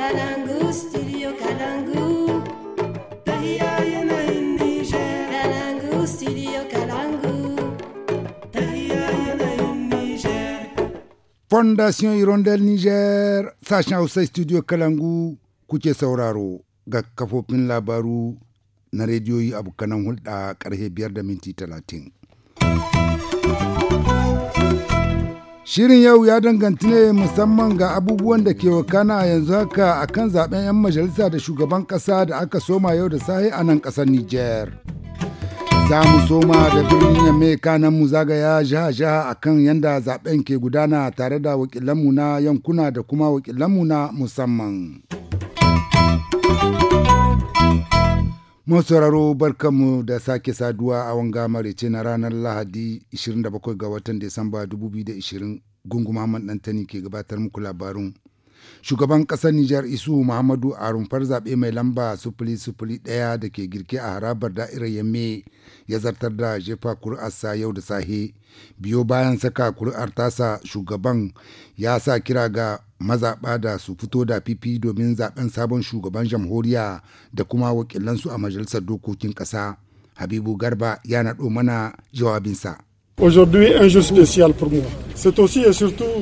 Kalangu, studio Kalangu. Fondation irondel Niger, sacha Hausa studio Kalangu kuke sauraro ga kafofin labaru na rediyoyi abokanan hulɗa ƙarfe biyar da minti talatin. Shirin yau ya danganci ne musamman ga abubuwan da ke wakana a yanzu haka a kan zaben 'yan majalisa da shugaban ƙasa da aka soma yau da sahi a nan ƙasar Nijar. Za mu soma da birnin yamme kanan mu zagaya jiha-jiha a kan yadda zaben ke gudana tare da wakilanmu na yankuna da kuma wakilanmu na musamman. Mun sauraro barkanmu da sake saduwa a wanga marece na ranar Lahadi 27 ga watan Disamba 2020 gungu Muhammad Dantani ke gabatar muku labarun. Shugaban ƙasar Nijar Isu Muhammadu a rumfar zaɓe mai lamba sufuli sufuli ɗaya da ke girke a harabar da'irar Yamme ya zartar da jefa kuri'arsa yau da sahe. Biyo bayan saka kuri'ar tasa shugaban ya sa kira ga mazaɓa da su fito da fifi domin zaɓen sabon shugaban jamhuriya da kuma wakilansu a majalisar dokokin ƙasa habibu garba ya naɗo mana jawabinsa aujourd'hui un spécial pour moi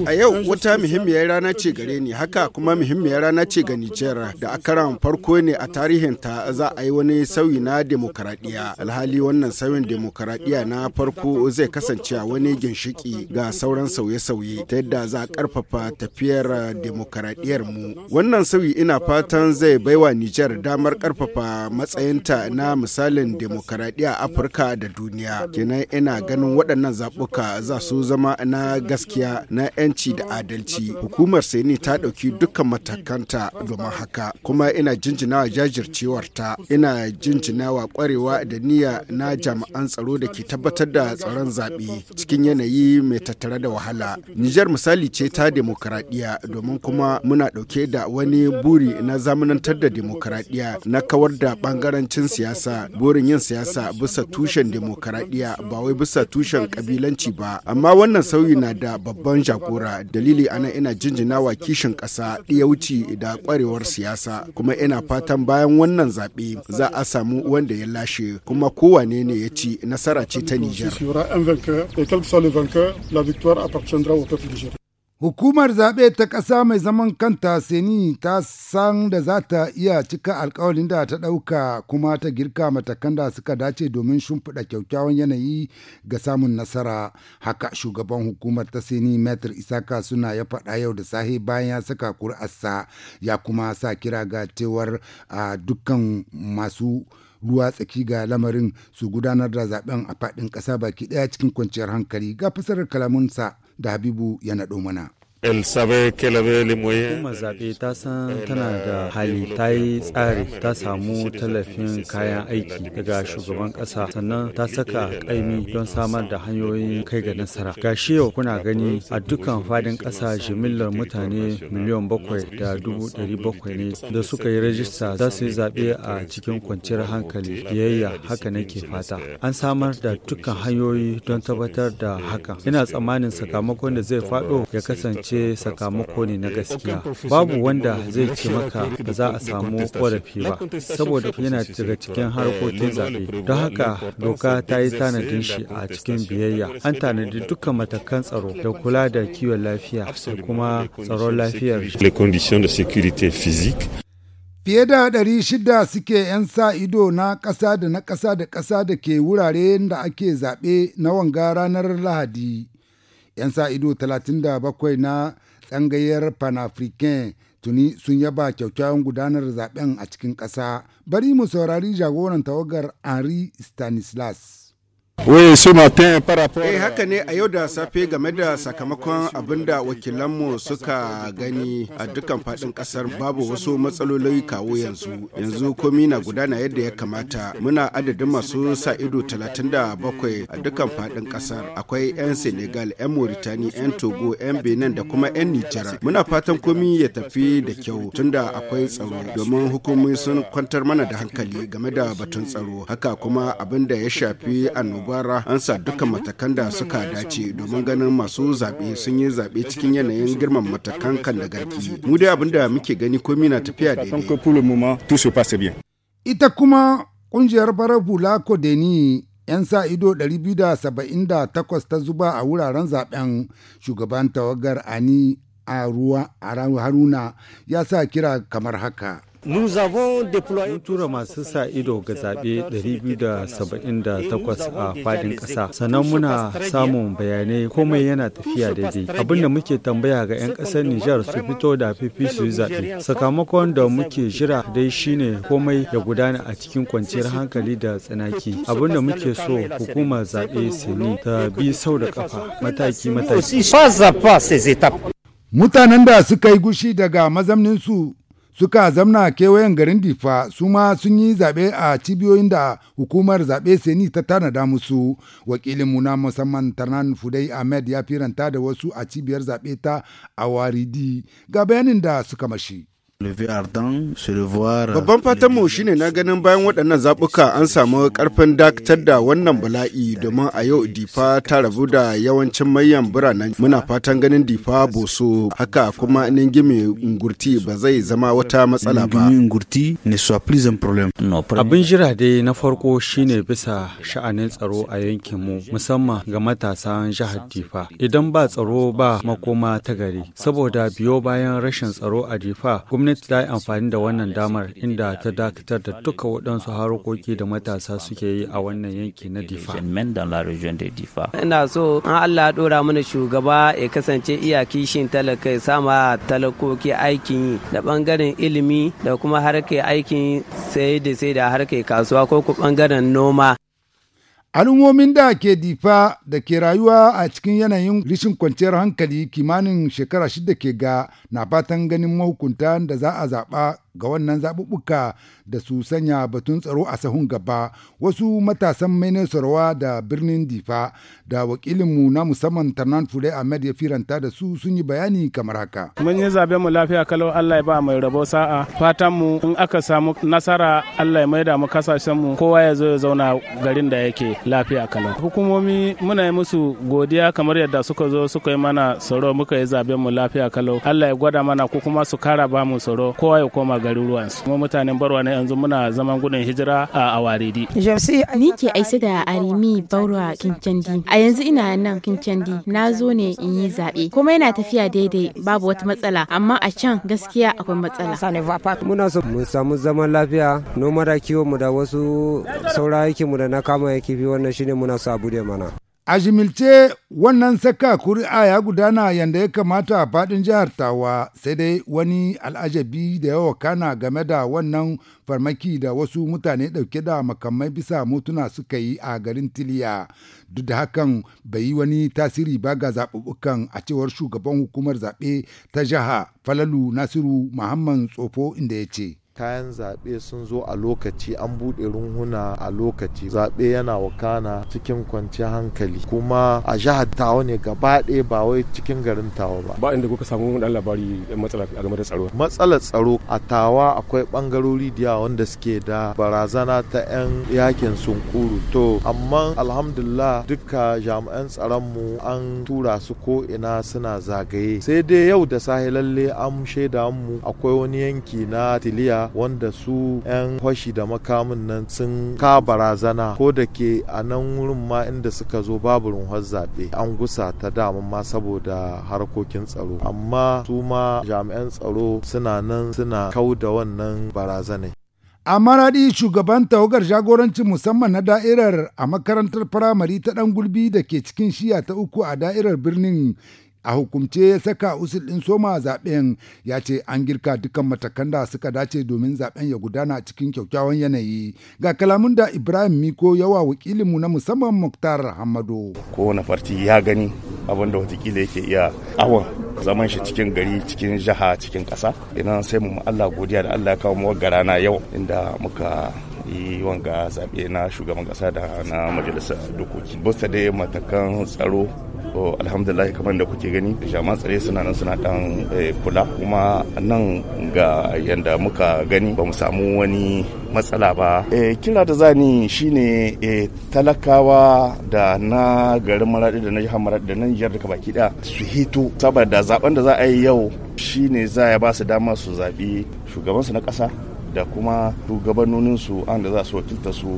A yau wata muhimmiyar rana ce gare ni haka kuma muhimmiyar rana ce ga Nijar da a karan farko ne a tarihinta za a yi wani sauyi na demokaradiyya. Alhali wannan sauyin demokaradiyya na farko zai kasance a wani ginshiki ga sauran sauye-sauye ta yadda za a karfafa tafiyar demokaradiyyar mu. Wannan sauyi ina fatan zai baiwa Nijar damar karfafa matsayinta na misalin demokaradiyya Afirka da duniya. Kenan ina ganin waɗannan zaɓuka za su zama na gaskiya na 'yanci da adalci hukumar seni ta ɗauki dukkan matakanta domin haka kuma ina jinjinawa jajircewar ta ina jinjinawa kwarewa da niyya na jami'an tsaro da ke tabbatar da tsaron zaɓe cikin yanayi mai tattare da wahala nijar misali ce ta demokaradiyya domin kuma muna ɗauke da wani buri na zamanantar da demokaradiyya na kawar da ɓangarancin siyasa burin yin siyasa bisa tushen demokaradiyya ba wai bisa tushen kabilanci ba amma wannan sauyi na na da babban jagora dalili ana ina jinjinawa kishin ƙasa ɗiyauci da kwarewar siyasa kuma ina fatan bayan wannan zaɓe za a samu wanda ya lashe kuma kowane ne ya ci nasara ce ta Nijar. Hukumar zaɓe ta ƙasa mai zaman kanta Seni ta san da za ta iya cika alkawalin da ta ɗauka kuma ta girka matakan da suka dace domin shimfiɗa kyaukyawan yanayi ga samun nasara. Haka shugaban hukumar ta Seni Metr Isaka suna ya faɗa yau da sahe bayan ya saka kur'arsa ya kuma sa kira ga cewar a dukkan masu ruwa tsaki ga lamarin su gudanar da zaɓen a faɗin ƙasa baki ɗaya cikin kwanciyar hankali ga fasarar kalamunsa. da habibu ya naɗo mana Hukumar zaɓe ta san tana da hali ta yi tsari ta samu tallafin kayan aiki daga shugaban ƙasa sannan ta saka ƙaimi don samar da hanyoyin kai ga nasara. Ga shi yau kuna gani a dukkan fadin ƙasa jimillar mutane miliyan bakwai da dubu ɗari bakwai ne da suka yi rajista za su yi zaɓe a cikin kwanciyar hankali biyayya haka nake fata. An samar da dukkan hanyoyi don tabbatar da eh, haka. Ina tsammanin sakamakon da zai faɗo ya kasance ce sakamako eh, ne na gaskiya babu wanda zai ce maka ba za a samu korafi ba saboda yana daga cikin eh, harkokin zaɓe don haka doka ta yi tanadin shi a cikin biyayya an tanadi dukkan matakan tsaro da kula da kiwon lafiya da kuma tsaron lafiyar fiye da 600 suke 'yan sa ido na ƙasa da na ƙasa da ƙasa da ke wurare da ake zaɓe na wanga ranar lahadi 'yan sa ido 37 na tsangayar panafrican tuni sun yaba kyaukyawan gudanar zaben a cikin ƙasa bari mu saurari jagoran tawagar henri stanislas Eh haka ne a yau da safe game da sakamakon abin da wakilanmu suka gani a dukkan faɗin ƙasar babu wasu matsaloli kawo yanzu. Yanzu komi na gudana yadda ya kamata. Muna adadin masu sa ido 37 a dukkan faɗin ƙasar. Akwai 'yan Senegal, 'yan Mauritani, 'yan Togo, 'yan Benin da kuma 'yan Nijar. Muna fatan komi ya tafi da kyau tunda akwai tsaro domin hukumomi sun kwantar mana da hankali game da batun tsaro. Haka kuma abin da ya shafi annoba bara an sa dukkan matakan da suka dace domin ganin masu zaɓe sun yi zaɓe cikin yanayin girman matakan kan da garki. Mu dai abin da muke gani komi na tafiya daidai. Ita kuma ƙungiyar farar hula Kodeni 'yan sa ido 278 ta zuba a wuraren zaben shugaban tawagar ani a ruwa a haruna ya sa kira kamar haka. Mun tura masu sa ido ga zaɓe 278 a fadin ƙasa, sannan muna samun bayanai komai yana tafiya daidai. Abin da muke tambaya ga 'yan ƙasar Nijar su fito da fifi su yi zaɓe. Sakamakon da muke jira dai shine komai ya gudana a cikin kwanciyar hankali da tsanaki. Abin da muke so hukumar zaɓe ni. ta bi sau da kafa mataki mataki. Mutanen da suka yi gushi daga mazamninsu suka zamna kewayen garin Difa su ma sun yi zaɓe a cibiyoyin da hukumar zaɓe Seni ta tanada musu. wakilin na musamman Tarnan Fudai Ahmed ya firanta da wasu a cibiyar zaɓe ta Awaridi ga bayanin da suka mashi. Babban euh, mu shine na ganin bayan waɗannan zaɓuka an samu ƙarfin dakatar da wannan bala'i domin a yau difa ta rabu da yawancin mayan biranen muna fatan ganin difa boso haka kuma gimi ngurti ba zai zama wata matsala ba. Abin jira dai na farko shine bisa sha'anin tsaro a yankin mu musamman ga matasan jihar difa. Idan ba tsaro ba makoma ta gari saboda biyo bayan rashin tsaro a difa gwamnati Gwamnati ta yi amfani da wannan damar inda ta dakatar da duka waɗansu harkoki da matasa suke yi a wannan yanki na Difa. Ina so an Allah ɗora mana shugaba ya kasance iya kishin talaka sama talakoki aikin yi da ɓangaren ilimi da kuma harkar aikin sai da sai da harkar kasuwa ko ku ɓangaren noma. al'ummomin da ke difa da ke rayuwa a cikin yanayin rishin kwanciyar hankali kimanin shekara shida ke ga na fatan ganin mahukunta da za a zaɓa ga wannan zaɓuɓɓuka da su sanya batun tsaro a sahun gaba wasu matasan mene sarawa da birnin difa da wakilinmu na musamman tarnan fure ahmed ya firanta da su sun yi bayani kamar haka mun yi zaɓe mu lafiya kalau allah ya ba mai rabo sa'a fatan mu in aka samu nasara allah ya maida mu kasashen mu kowa ya zo ya zauna garin da yake lafiya kalau hukumomi muna yi musu godiya kamar yadda suka zo suka yi mana tsaro muka yi zabe mu lafiya kalau allah ya gwada mana ko kuma su kara ba mu tsaro kowa ya koma su. kuma mutanen barwa ne yanzu muna zaman gudun hijira a awaridi ni ke aisa da arimi baura kincandi a yanzu ina nan kincandi na zo ne in yi zaɓe kuma yana tafiya daidai babu wata matsala amma a can gaskiya akwai matsala muna so mu samu zaman lafiya noma da kiwo mu da wasu saura yake mu da na kama yake bi wannan shine muna so a bude mana A wannan saka kuri'a ya gudana yadda ya kamata a faɗin jihar Tawa sai dai wani al'ajabi da yawa kana game da wannan farmaki da wasu mutane ɗauke da makamai bisa motuna suka yi a garin Tiliya. Duk da hakan bai yi wani tasiri ba ga zaɓuɓɓukan a cewar shugaban hukumar zaɓe ta jiha Falalu Nasiru Muhammad Tsofo inda ya ce. kayan zaɓe sun zo a lokaci an buɗe runhuna a lokaci zaɓe yana wakana cikin kwanciyar hankali kuma a jihar tawa ne gaba ba wai cikin garin tawa ba ba inda kuka samu ɗan labari matsala a game da tsaro matsalar tsaro a tawa akwai bangarori da yawa wanda suke da barazana ta 'yan yakin sunkuru to amma alhamdulillah duka jami'an tsaron mu an tura su ko ina suna zagaye sai dai yau da sahi lalle an shaida mu akwai wani yanki na tiliya wanda su 'yan fashi da makamin nan sun ka barazana ko da ke a nan wurin ma inda suka zo babu runhar zaɓe an gusa ta damun ma saboda harkokin tsaro amma su ma jami'an tsaro suna nan suna kau da wannan barazanai. a maradi shugaban tawagar jagorancin musamman na da'irar a makarantar firamare ta dan gulbi da ke cikin shiya ta uku a da'irar birnin a hukumce ya saka usul ɗin soma zaben ya ce an girka dukkan matakan da suka dace domin zaben ya gudana cikin kyakkyawan yanayi ga kalamun da ibrahim miko yawa wakilinmu na musamman muktar hamado kowane farti ya gani abin da watakila yake iya awon zaman shi cikin gari cikin jiha cikin ƙasa idan sai mu allah godiya da allah ya kawo mu na yau inda muka yi wanga zaɓe na shugaban ƙasa da na majalisar dokoki bisa dai matakan tsaro to alhamdulillah kamar da kuke gani jama'a tsare suna nan suna dan eh, kula kuma nan ga yanda muka gani ba mu samu wani matsala ba eh, kira da zani shine eh, talakawa da na garin maradi da na jihar maradi da na jihar duka baki da su hito saboda zaben da za a yi yau shine za ya ba su dama su zaɓi shugabansu na kasa da kuma shugabannoninsu an da za su wakilta su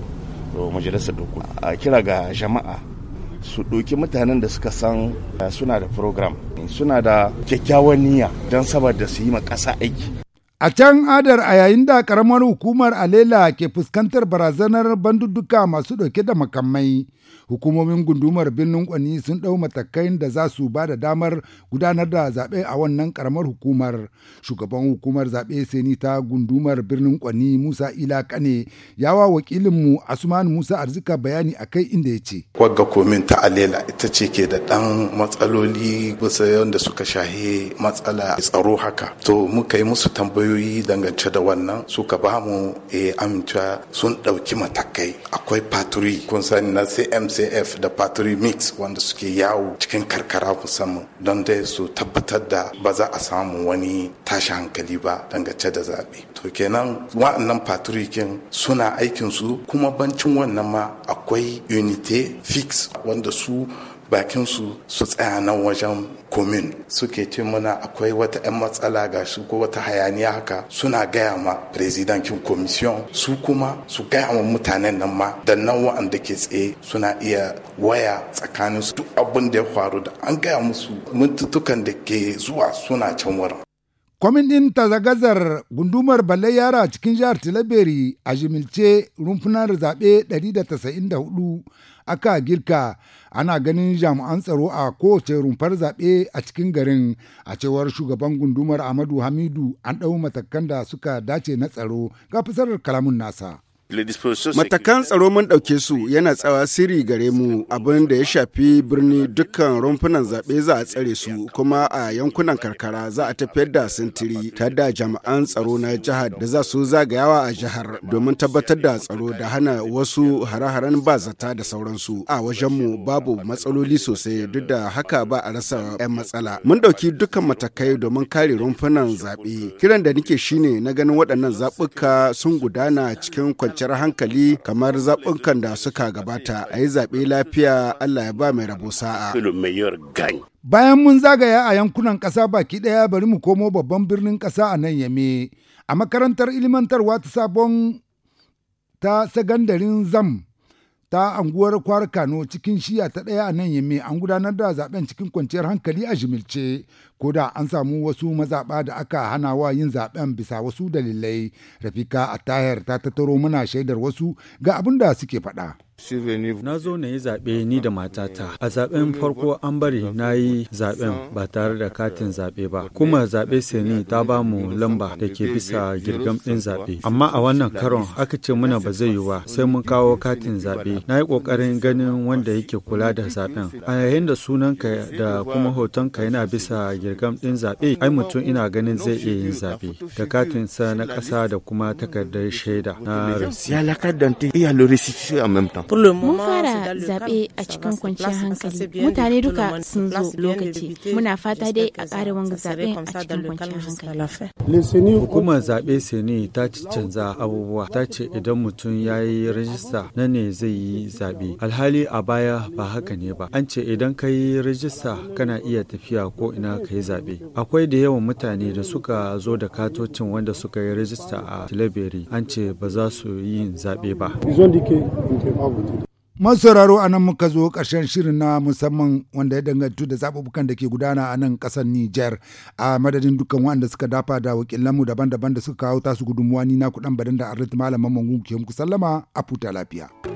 majalisar dokoki a kira ga jama'a su ɗoki mutanen da suka san eh, suna da program suna da kyakkyawan niyya don saboda su yi ma ƙasa aiki A can adar a yayin da karamar hukumar Alela ke fuskantar barazanar bandudduka masu ɗauke da makamai, hukumomin gundumar birnin Kwani sun ɗau matakai da za su ba da damar gudanar da zaɓe a wannan karamar hukumar. Shugaban hukumar zaɓe seni ta gundumar birnin Kwani Musa Ila Kane yawa wakilinmu Asuman Musa Arzika bayani a kai inda ya ce. Kwagga komin ta Alela ita ce ke da ɗan matsaloli bisa yadda suka shahi matsala tsaro haka. To muka yi musu tambayoyi tambayoyi dangance da wannan suka ba mu e amincewa sun ɗauki matakai akwai patri kun sani na cmcf da paturi mix wanda suke yawo cikin karkara musamman don dai su tabbatar da ba za a samu wani tashi hankali ba dangance da zaɓe to kenan wa'annan paturi kin suna aikinsu kuma bancin wannan ma akwai unite fix wanda su bakinsu su tsaya nan wajen komin suke ce muna akwai wata 'yan matsala ga su ko wata hayaniya haka suna gaya ma presidankin komisiyon su kuma su gaya ma mutanen nan ma da nan wa'anda ke tsaye suna iya waya tsakanin su duk abin da ya faru da an gaya musu mintutukan da ke zuwa suna can wurin kwamitin tazagazar gundumar balle yara cikin jihar tilaberi a jimilce rumfunar zaɓe 194 aka girka ana ganin jami'an tsaro a kowace rumfar zaɓe a cikin garin a cewar shugaban gundumar Amadu Hamidu an ɗau matakan da suka dace na tsaro ga fasarar kalamun nasa. Matakan tsaro mun ɗauke su yana tsawa siri gare mu abin da ya shafi birni dukkan rumfunan zaɓe za a tsare su kuma a yankunan karkara za a tafiyar da sintiri ta da jami'an tsaro na jihar da za su zagayawa a jihar domin tabbatar da tsaro da hana wasu hare-haren zata da sauransu. A wajen mu babu matsaloli sosai duk da haka ba a rasa 'yan matsala. Mun ɗauki dukkan matakai domin kare rumfunan zaɓe. Kiran da nake shine na ganin waɗannan zaɓuka sun gudana cikin kwanciyar kwanciyar hankali kamar zaɓukan da suka gabata a yi zaɓe lafiya Allah ya ba mai rabo sa'a. Bayan mun zagaya a yankunan ƙasa baki ɗaya bari mu komo babban birnin ƙasa a nan yame a makarantar ilimantarwa ta sabon ta sagandarin zam ta anguwar kwara kano cikin shiya ta ɗaya a nan yamme an gudanar da zaben cikin kwanciyar hankali a jimilce ko da an samu wasu mazaɓa da aka hana wa yin zaben bisa wasu dalilai rafika a tahir ta tattaro mana shaidar wasu ga abin da suke faɗa. Na zo na yi zaɓe ni da matata. A zaɓen farko an bari na yi zaɓen ba tare da katin zaɓe ba. Kuma zaɓe seni ta ba mu lamba da ke bisa girgam ɗin zaɓe. Amma a wannan karon aka ce muna ba zai yi ba sai mun kawo katin zaɓe. Na yi ƙoƙarin ganin wanda yake kula da zaɓen. A yayin da sunanka da kuma hotonka yana bisa girgam ɗin zaɓe, ai mutum ina ganin zai iya yin zaɓe. Da katin sa na ƙasa da kuma takardar shaida na rasi. mun fara zaɓe a cikin kwanciyar hankali mutane duka sun zo lokaci muna fata dai a ƙara wanga zaɓe a cikin kwanciyar hankali hukumar zaɓe sene ta ci canza abubuwa ta ce idan mutum ya yi rajista na ne zai yi zaɓe alhali a baya ba haka ne ba an ce idan ka yi rajista kana iya tafiya ko ina ka yi zaɓe akwai da yawan mutane da suka zo da katocin wanda suka yi rajista a tilaberi an ce ba za su yi zaɓe ba masauraro a nan muka zo karshen shirin na musamman wanda ya dangantu da zaɓuɓɓukan da ke gudana a nan ƙasar Nijar a madadin dukkan waɗanda suka dafa da wakilanmu daban-daban da suka kawo tasu gudunmuwa ni na kuɗan badan da arlit malaman mangun ke muku sallama a futa lafiya.